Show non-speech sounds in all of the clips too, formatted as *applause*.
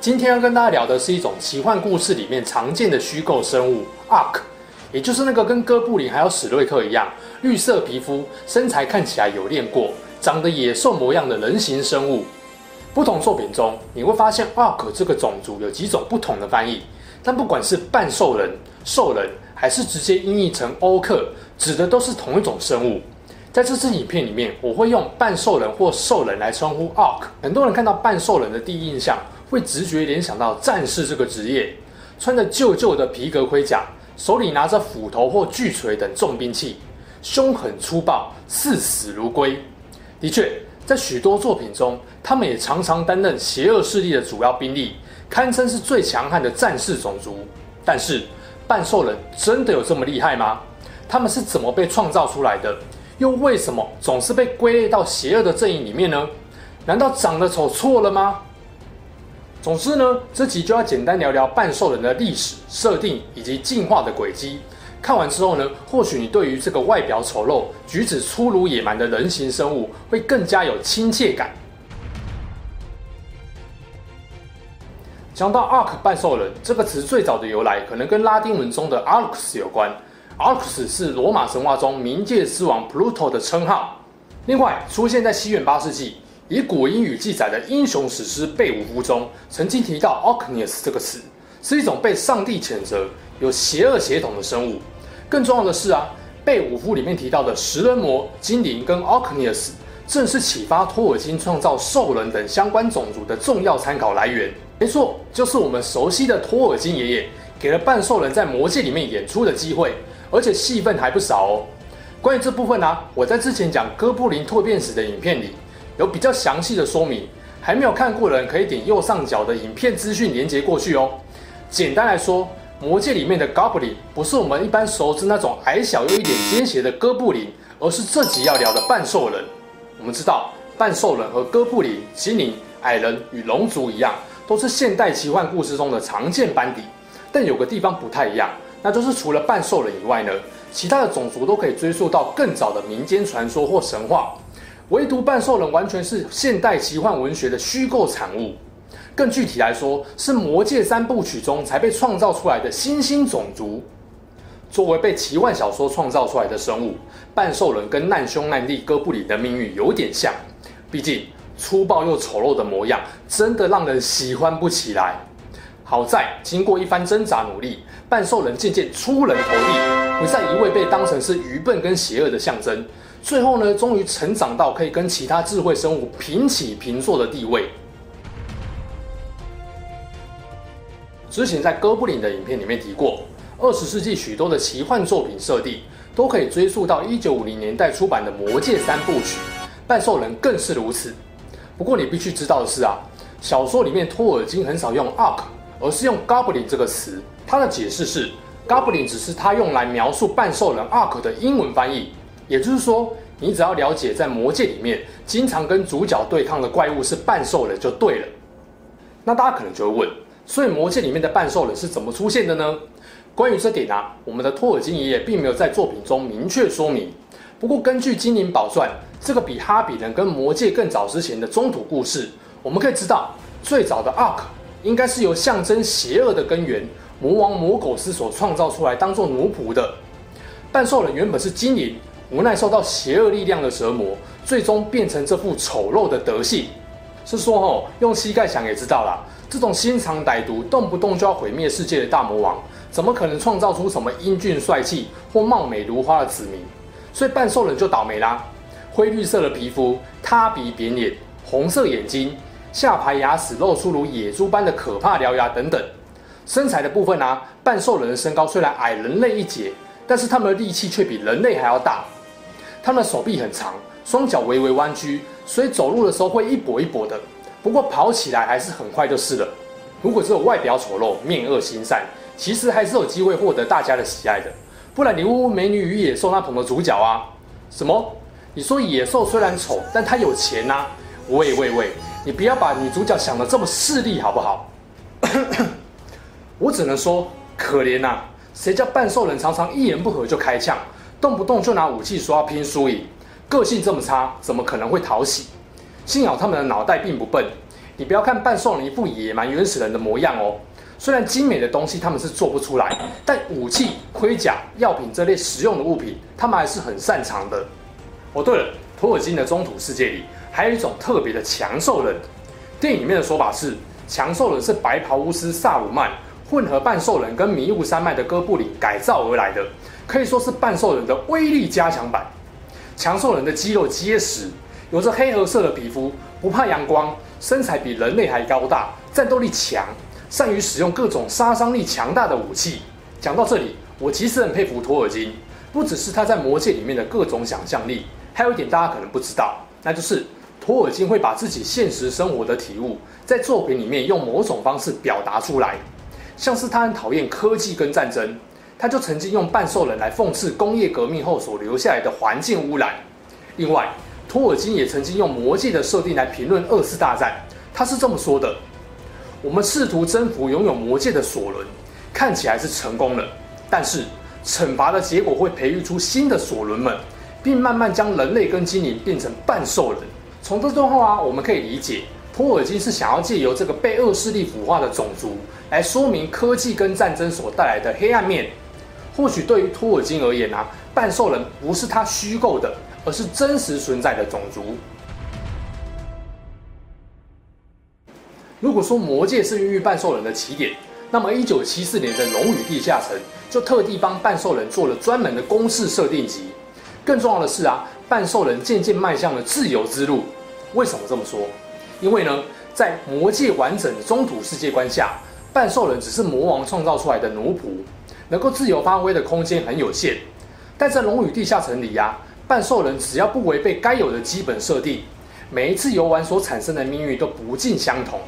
今天要跟大家聊的是一種奇幻故事裡面常見的虛構生物，Orc，也就是那個跟哥布林還有史瑞克一樣，綠色皮膚、身材看起來有練過、長得野獸模樣的人形生物。不同作品中你會發現 Orc 這個種族有幾種不同的翻譯，但不管是半獸人、獸人，還是直接音譯成歐克，指的都是同一種生物。在這支影片裡面，我會用半獸人或獸人來稱呼 Orc。很多人看到半獸人的第一印象，會直覺聯想到戰士這個職業，穿着舊舊的皮革盔甲，手裡拿着斧頭或巨錘等重兵器，凶狠粗暴，視死如歸。的確，在許多作品中，他們也常常擔任邪惡勢力的主要兵力，堪稱是最強悍的戰士種族。但是，半獸人真的有這麼厲害嗎？他們是怎麼被創造出來的？又為什麼總是被歸類到邪惡的陣營裡面呢？難道長得醜錯了嗎？總之呢，這集就要簡單聊聊半獸人的歷史設定以及進化的軌跡。看完之後呢，或許你對於這個外表醜陋、舉止粗魯、野蠻的人形生物會更加有親切感。講到 Orc 半獸人這個詞最早的由來，可能跟拉丁文中的 Orcus 有關。Orcus 是羅馬神話中冥界之王 Pluto 的稱號。另外，出現在西元八世紀。以古英語記載的英雄史詩《貝武夫》中，曾經提到 Orcneas 這個詞，是一種被上帝譴責、有邪惡血統的生物。更重要的是啊，《貝武夫》裡面提到的食人魔、精靈跟 Orcneas，正是啟發托爾金創造獸人等相關種族的重要參考來源。沒錯，就是我們熟悉的托爾金爺爺，給了半獸人在魔界裡面演出的機會，而且戲份還不少哦。關於這部分啊，我在之前講哥布林蛻變史的影片裡，有比較詳細的說明，還沒有看過的人可以點右上角的影片資訊連接過去哦。簡單來說，魔戒裡面的哥布林不是我們一般熟知那種矮小又一臉奸邪的哥布林，而是這集要聊的半獸人。我們知道，半獸人和哥布林、麒麟、矮人與龍族一樣，都是現代奇幻故事中的常見班底。但有個地方不太一樣，那就是除了半獸人以外呢，其他的種族都可以追溯到更早的民間傳說或神話。唯獨半獸人完全是現代奇幻文學的虛構產物，更具體來說，是《魔戒三部曲》中才被創造出來的新興種族。作為被奇幻小說創造出來的生物，半獸人跟難兄難弟哥布裡的命運有點像，畢竟粗暴又醜陋的模樣真的讓人喜歡不起來。好在經過一番掙扎努力，半獸人漸漸出人頭地，不再一味被當成是愚笨跟邪惡的象徵。最後呢，終於成長到可以跟其他智慧生物平起平坐的地位。之前在哥布林的影片裡面提過，二十世紀許多的奇幻作品設定都可以追溯到一九五零年代出版的《魔戒三部曲》，半獸人更是如此。不過你必須知道的是啊，小說裡面托爾金很少用 “Orc”，而是用 “goblin” 這個詞。他的解釋是，“goblin” 只是他用來描述半獸人 “Orc” 的英文翻譯。也就是說，你只要了解在魔戒裡面經常跟主角對抗的怪物是半獸人就對了。那大家可能就會問，所以魔戒裡面的半獸人是怎麼出現的呢？關於這點啊，我們的托爾金爺爺並沒有在作品中明確說明。不過根據《精靈寶鑽》這個比哈比人跟魔戒更早之前的中土故事，我們可以知道，最早的 Orc 應該是由象徵邪惡的根源魔王魔苟斯所創造出來，當做奴僕的。半獸人原本是精靈。無奈受到邪惡力量的折磨，最終變成這副醜陋的德性。是說吼、哦，用膝蓋想也知道啦，這種心腸歹毒、動不動就要毀滅世界的大魔王，怎麼可能創造出什麼英俊帥氣或貌美如花的子民？所以半獸人就倒霉啦。灰綠色的皮膚，塌鼻扁臉，紅色眼睛，下排牙齒露出如野豬般的可怕的獠牙等等。身材的部分呢、啊，半獸人的身高雖然矮人類一截，但是他們的力氣卻比人類還要大。他的手臂很長，雙腳微微彎曲，所以走路的時候會一跛一跛的。不過跑起來還是很快就是了。如果只有外表醜陋，面惡心善，其實還是有機會獲得大家的喜愛的。不然你問問《美女與野獸》那捧的主角啊？什麼？你說野獸雖然醜，但他有錢吶，啊？喂喂喂，你不要把女主角想得這麼勢利好不好？ *coughs* 我只能說可憐啊！誰叫半獸人常常一言不合就開槍？動不動就拿武器說要拼輸贏，個性這麼差，怎麼可能會討喜？幸好他們的腦袋並不笨，你不要看半獸人一副野蠻原始人的模樣哦。雖然精美的東西他們是做不出來，但武器、盔甲、藥品這類實用的物品，他們還是很擅長的。哦，對了，托爾金的中土世界裡還有一種特別的強獸人，電影裡面的說法是強獸人是白袍巫師薩魯曼。混合半獸人跟迷霧山脈的哥布林改造而來的，可以說是半獸人的威力加強版。強獸人的肌肉結實，有着黑褐色的皮膚，不怕陽光，身材比人類還高大，戰鬥力強，善於使用各種殺傷力強大的武器。講到這裡，我其實很佩服托爾金，不只是他在魔戒裡面的各種想象力，還有一點大家可能不知道，那就是托爾金會把自己現實生活的體悟在作品裡面用某種方式表達出來。像是他很討厭科技跟戰爭，他就曾經用半獸人來諷刺工業革命後所留下來的環境污染。另外，托爾金也曾經用魔戒的設定來評論二次大戰。他是這麼說的：“我們試圖征服擁有魔戒的索倫，看起來是成功了，但是懲罰的結果會培育出新的索倫們，並慢慢將人類跟精靈變成半獸人。”從這段話啊，我們可以理解托爾金是想要借由這個被惡勢力腐化的種族。來說明科技跟戰爭所帶來的黑暗面，或許對於托爾金而言啊，半獸人不是他虛構的，而是真實存在的種族。如果說魔戒是孕育半獸人的起點，那麼一九七四年的《龍與地下城》就特地幫半獸人做了專門的公式設定集。更重要的是啊，半獸人漸漸邁向了自由之路。為什麼這麼說？因為呢，在魔戒完整的中土世界觀下。半獸人只是魔王創造出來的奴僕，能夠自由發揮的空間很有限。但在《龍與地下城》裡呀、啊，半獸人只要不違背該有的基本設定，每一次遊玩所產生的命運都不盡相同。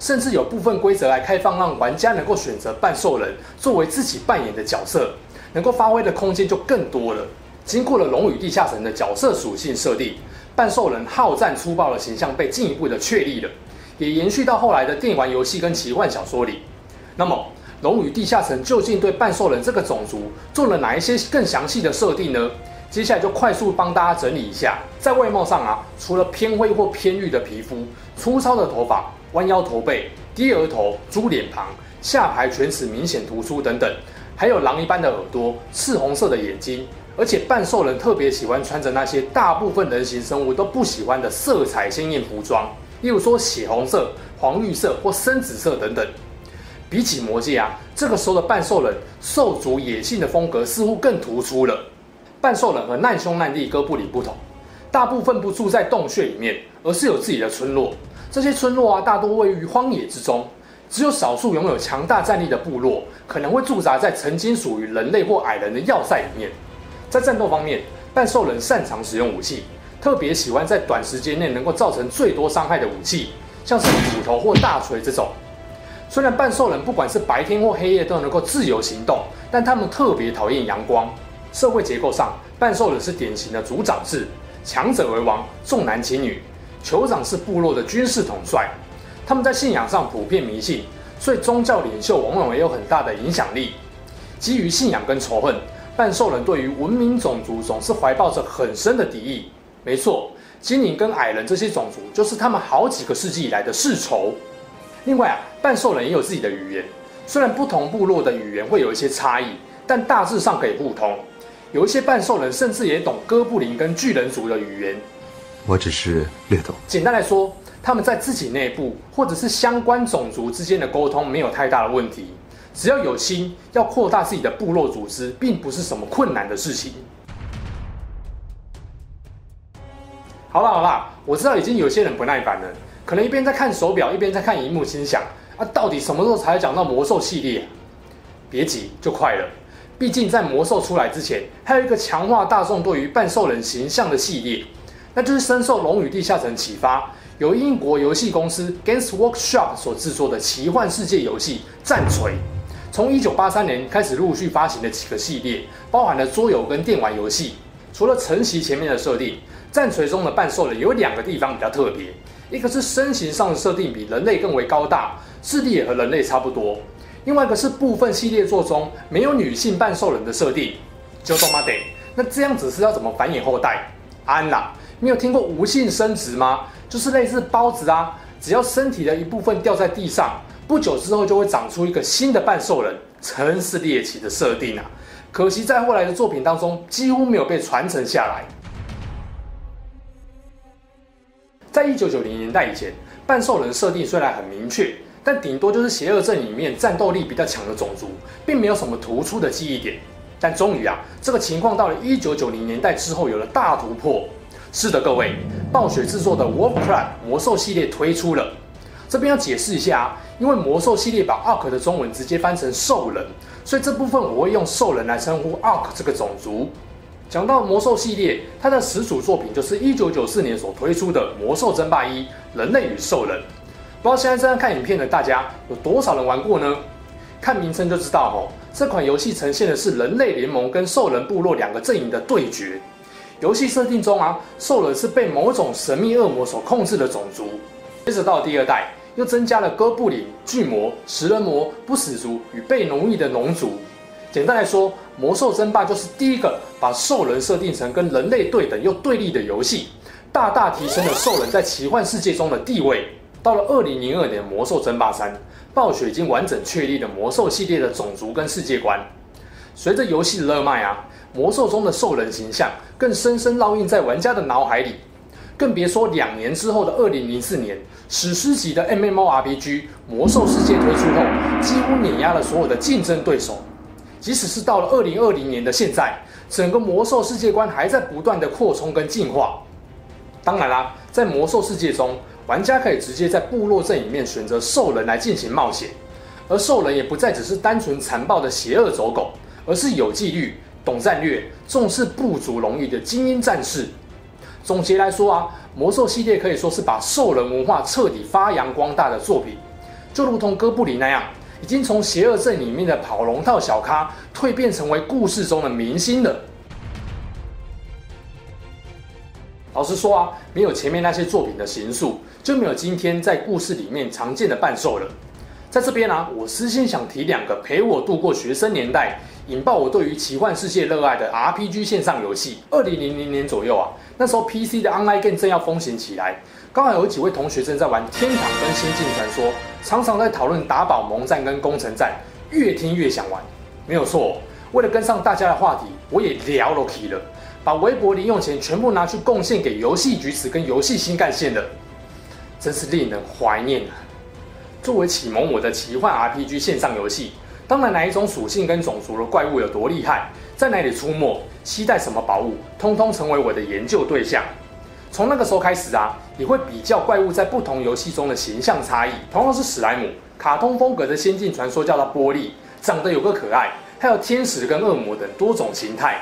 甚至有部分規則來開放，讓玩家能夠選擇半獸人作為自己扮演的角色，能夠發揮的空間就更多了。經過了《龍與地下城》的角色屬性設定，半獸人好戰粗暴的形象被進一步的確立了，也延續到後來的電玩遊戲跟奇幻小說裡。那麼，《龍與地下城》究竟對半獸人這個種族做了哪一些更詳細的設定呢？接下來就快速幫大家整理一下。在外貌上啊，除了偏灰或偏綠的皮膚、粗糙的頭髮、彎腰駝背、低額頭、豬臉龐、下排犬齒明顯突出等等，還有狼一般的耳朵、赤紅色的眼睛，而且半獸人特別喜歡穿着那些大部分人形生物都不喜歡的色彩鮮豔服裝，例如說血紅色、黃綠色或深紫色等等。比起魔戒啊，這個時候的半獸人獸族野性的風格似乎更突出了。半獸人和難兄難弟哥布林不同，大部分不住在洞穴裡面，而是有自己的村落。這些村落啊，大多位於荒野之中，只有少數擁有強大戰力的部落可能會駐紮在曾經屬於人類或矮人的要塞裡面。在戰鬥方面，半獸人擅長使用武器，特別喜歡在短時間內能夠造成最多傷害的武器，像是斧頭或大錘這種。雖然半獸人不管是白天或黑夜都能夠自由行動，但他們特別討厭陽光。社會結構上，半獸人是典型的族長制，強者為王，重男輕女。酋長是部落的軍事統帥。他們在信仰上普遍迷信，所以宗教領袖往往也有很大的影響力。基於信仰跟仇恨，半獸人對於文明種族總是懷抱着很深的敵意。沒錯，精靈跟矮人這些種族就是他們好幾個世紀以來的世仇。另外啊，半獸人也有自己的語言，雖然不同部落的語言會有一些差異，但大致上可以互通。有一些半獸人甚至也懂哥布林跟巨人族的語言，我只是略懂。簡單來說，他們在自己內部或者是相關種族之間的溝通沒有太大的問題，只要有心要擴大自己的部落組織，並不是什麼困難的事情。好啦好啦，我知道已經有些人不耐煩了。可能一邊在看手錶，一邊在看螢幕，心想啊，到底什麼時候才講到魔獸系列啊？別急，就快了。畢竟在魔獸出來之前，還有一個強化大眾對於半獸人形象的系列，那就是深受《龍與地下城》啟發，由英國遊戲公司 Games Workshop 所制作的奇幻世界遊戲《戰錘》。從1983年開始陸續發行的幾個系列，包含了桌遊跟電玩遊戲。除了承襲前面的設定，《戰錘》中的半獸人有兩個地方比較特別。一個是身形上的設定比人類更為高大，智力也和人類差不多；另外一個是部分系列作中沒有女性半獸人的設定。就他媽的，那這樣子是要怎麼繁衍後代？安啦，你有聽過無性生殖嗎？就是類似孢子啊，只要身體的一部分掉在地上，不久之後就會長出一個新的半獸人，真是獵奇的設定啊！可惜在後來的作品當中幾乎沒有被傳承下來。在一九九零年代以前，半獸人設定雖然很明確，但頂多就是邪惡陣營裡面戰鬥力比較強的種族，並沒有什麼突出的記憶點。但終於啊，這個情況到了一九九零年代之後有了大突破。是的，各位，暴雪製作的 World of Warcraft 魔獸系列推出了。這邊要解釋一下啊，因為魔獸系列把 Orc 的中文直接翻成獸人，所以這部分我會用獸人來稱呼 Orc 這個種族。講到魔獸系列，它的始祖作品就是1994年所推出的《魔獸爭霸一：人類與獸人》。不知道現在正在看影片的大家有多少人玩過呢？看名稱就知道，哦，吼，這款遊戲呈現的是人類聯盟跟獸人部落兩個陣營的對決。遊戲設定中啊，獸人是被某種神秘惡魔所控制的種族。接着到第二代，又增加了哥布林、巨魔、食人魔、不死族與被奴役的農族。簡單來說，《魔獸爭霸》就是第一個把獸人設定成跟人類對等又對立的遊戲，大大提升了獸人在奇幻世界中的地位。到了2002年，《魔獸爭霸三》暴雪已經完整確立了魔獸系列的種族跟世界觀。隨着遊戲的熱賣啊，《魔獸》中的獸人形象更深深烙印在玩家的腦海裡。更別說兩年之後的2004年，史詩級的 MMORPG《魔獸世界》推出後，幾乎碾壓了所有的競爭對手。即使是到了二零二零年的現在，整個魔獸世界觀還在不斷的擴充跟進化。當然啦、啊，在魔獸世界中，玩家可以直接在部落陣營裡面選擇獸人來進行冒險，而獸人也不再只是單純殘暴的邪惡走狗，而是有紀律、懂戰略、重視部族榮譽的精英戰士。總結來說啊，魔獸系列可以說是把獸人文化徹底發揚光大的作品，就如同哥布林那樣。已經從邪惡鎮裡面的跑龍套小咖蛻變成為故事中的明星了。老實說啊，沒有前面那些作品的形塑，就沒有今天在故事裡面常見的半獸人了。在這邊啊，我私心想提兩個陪我度過學生年代、引爆我對於奇幻世界熱愛的 RPG 線上遊戲。二零零零年左右啊，那時候 PC 的 Online Game 正要風行起來。剛有幾位同學正在玩《天堂》跟《仙境傳說》，常常在討論打寶、盟戰跟攻城戰，越聽越想玩，沒有錯。為了跟上大家的話題，我也聊了了，把微博零用錢全部拿去貢獻給遊戲橘子跟遊戲新幹線了，真是令人懷念啊！作為啟蒙我的奇幻 RPG 線上遊戲，當然哪一種屬性跟種族的怪物有多厲害，在哪裡出沒，期待什麼寶物，通通成為我的研究對象。從那個時候開始啊，你會比較怪物在不同遊戲中的形象差異。同樣是史萊姆，卡通風格的《仙境傳說》叫它玻璃，長得有個可愛，還有天使跟惡魔等多種形態。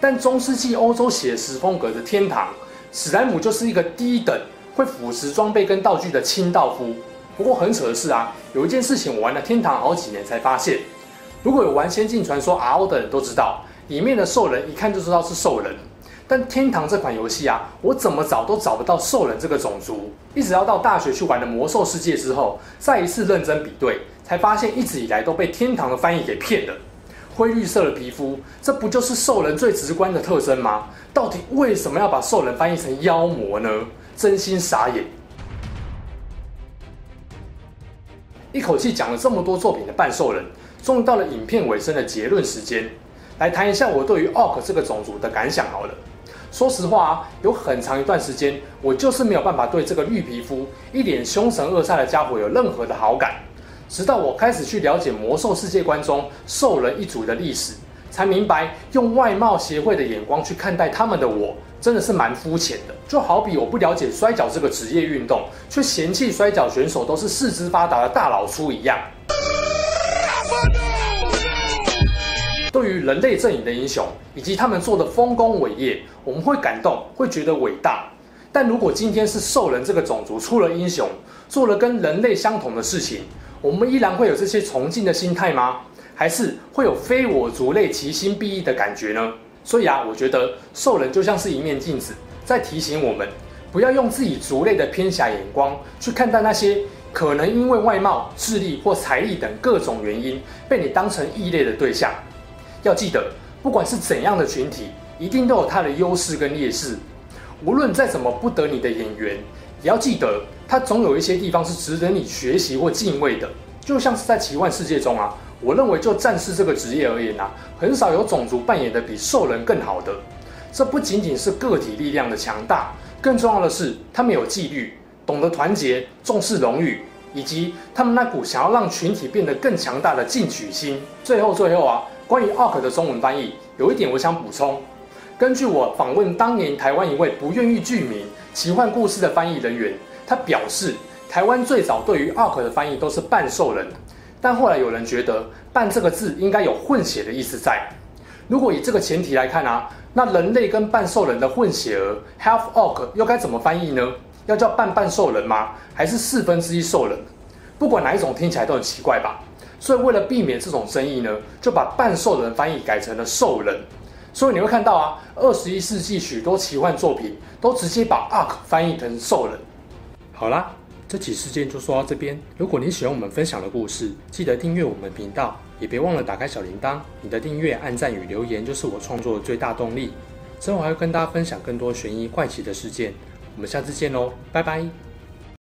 但中世紀歐洲寫實風格的《天堂》，史萊姆就是一個低等會腐蝕裝備跟道具的清道夫。不過很扯的是啊，有一件事情我玩了《天堂》好幾年才發現，如果有玩《仙境傳說 RO》的人都知道，裡面的獸人一看就知道是獸人。但天堂這款遊戲啊，我怎麼找都找不到獸人這個種族，一直要到大學去玩的《魔獸世界》之後，再一次認真比對，才發現一直以來都被天堂的翻譯給騙了。灰綠色的皮膚，這不就是獸人最直觀的特徵嗎？到底為什麼要把獸人翻譯成妖魔呢？真心傻眼！一口氣講了這麼多作品的半獸人，終於到了影片尾聲的結論時間，來談一下我對於奧克這個種族的感想好了。說實話啊，有很長一段時間，我就是沒有辦法對這個綠皮膚、一臉兇神惡煞的家伙有任何的好感。直到我開始去了解魔獸世界觀中獸人一族的歷史，才明白用外貌協會的眼光去看待他們的我，真的是蠻膚淺的。就好比我不了解摔角這個職業運動，卻嫌棄摔角選手都是四肢發達的大老粗一樣。對於人類陣營的英雄以及他們做的豐功偉業，我們會感動，會覺得偉大。但如果今天是獸人這個種族出了英雄，做了跟人類相同的事情，我們依然會有這些崇敬的心態嗎？還是會有非我族類其心必異的感覺呢？所以啊，我覺得獸人就像是一面鏡子，在提醒我們，不要用自己族類的偏狹眼光去看待那些可能因為外貌、智力或財力等各種原因被你當成異類的對象。要記得，不管是怎樣的群體，一定都有它的優勢跟劣勢。無論再怎麼不得你的演員，也要記得，他總有一些地方是值得你學習或敬畏的。就像是在奇幻世界中啊，我認為就戰士這個職業而言啊，很少有種族扮演的比獸人更好的。這不僅僅是個體力量的強大，更重要的是他們有紀律，懂得團結，重視榮譽。以及他們那股想要讓群體變得更強大的進取心。最後，最後啊，關於 orc 的中文翻譯，有一點我想補充。根據我訪問當年台灣一位不願意具名奇幻故事的翻譯人員，他表示，台灣最早對於 orc 的翻譯都是半獸人，但後來有人覺得“半”這個字應該有混血的意思在。如果以這個前提來看啊，那人類跟半獸人的混血兒 half orc 又該怎麼翻譯呢？要叫半半獸人嗎？還是四分之一獸人？不管哪一種，聽起來都很奇怪吧？所以為了避免這種爭議呢，就把半獸人翻譯改成了獸人。所以你會看到啊，二十一世紀許多奇幻作品都直接把 Orc 翻譯成獸人。好啦，這起事件就說到這邊。如果你喜歡我們分享的故事，記得訂閱我們頻道，也別忘了打開小鈴鐺。你的訂閱、按讚與留言就是我創作的最大動力。之後還會跟大家分享更多懸疑怪奇的事件。我們下次見嘍，拜拜。